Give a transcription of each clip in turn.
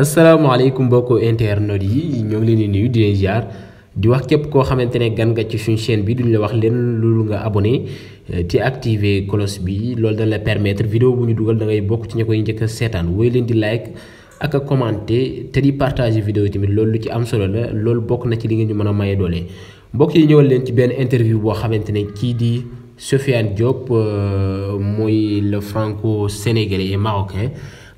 asalaamaaleykum mbokku internautes yi ñoo ngi leen di nuyu di leen ziar di wax képp koo xamante ne gan nga ci suñu chaîne bi duñ la wax leen loolu nga abonné ci euh, activer cloche bi loolu dana la permettre vidéo bu ñu dugal da ngay bokk ci ña koy njëkk a seetaan wooy leen di like ak a commenter te di partager vidéo tamit loolu lu ci am solo la loolu bokk na ci li ngeen ñu mën a maye doole mbokk yi ñëwal leen ci benn interview boo xamante ne kii di Sofiane Diop euh, mooy le franco sénégalais et marocain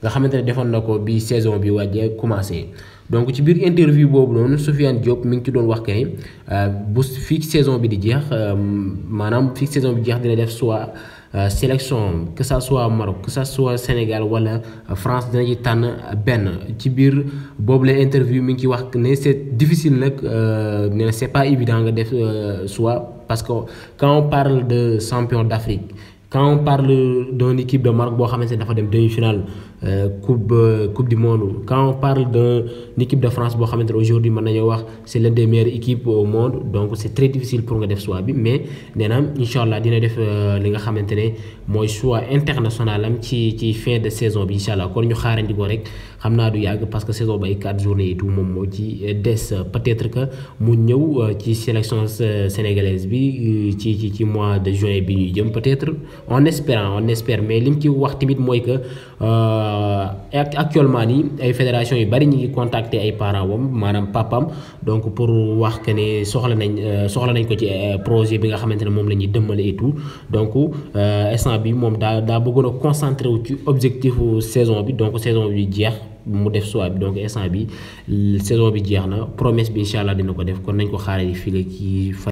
nga xamante ne defoon na ko bi saison bi wàjjee commencé donc ci biir interview boobu noonu Sofiane Diop mi ngi ci doon wax que ni euh, bu fii saison bi di jeex euh, maanaam fii saison bi jeex dina def soit euh, sélection que ça soit Maroc que ça soit Sénégal wala France dina ci tànn benn ci biir boobu la interview mi ngi ci wax ne c'est difficile nag nee na c'est pas évident nga def soit parce que quand on parle de champion d'Afrique quand on parle d'une équipe de Maroc boo c'est la dafa de demi-finale euh, coupe euh, coupe du monde quand on parle d'une équipe de France boo aujourd'hui c'est l'une des meilleures équipes au monde donc c'est très difficile pour nous de faire bi mais Inch'Allah, nous incha allah dina def euh, li nga choix international am ci fin de saison bi incha allah kon ñu nous ko rek parce que saison est 4 journées et tout le monde ci peut-être que mu avons ci sélection sénégalaise bi ci ci mois de juin et de jëm peut-être. On espérant on espère mais li que euh, actuellement ni fédération yu bari ngi contacter ay parents papam donc pour wax que ni soxla nañ euh, soxla nañ ko ci euh, projet et tout donc instant bi mom da da a ci saison bi donc saison donc instant bi saison bi jeex na promesse bi inshallah dina ko def kon nañ ko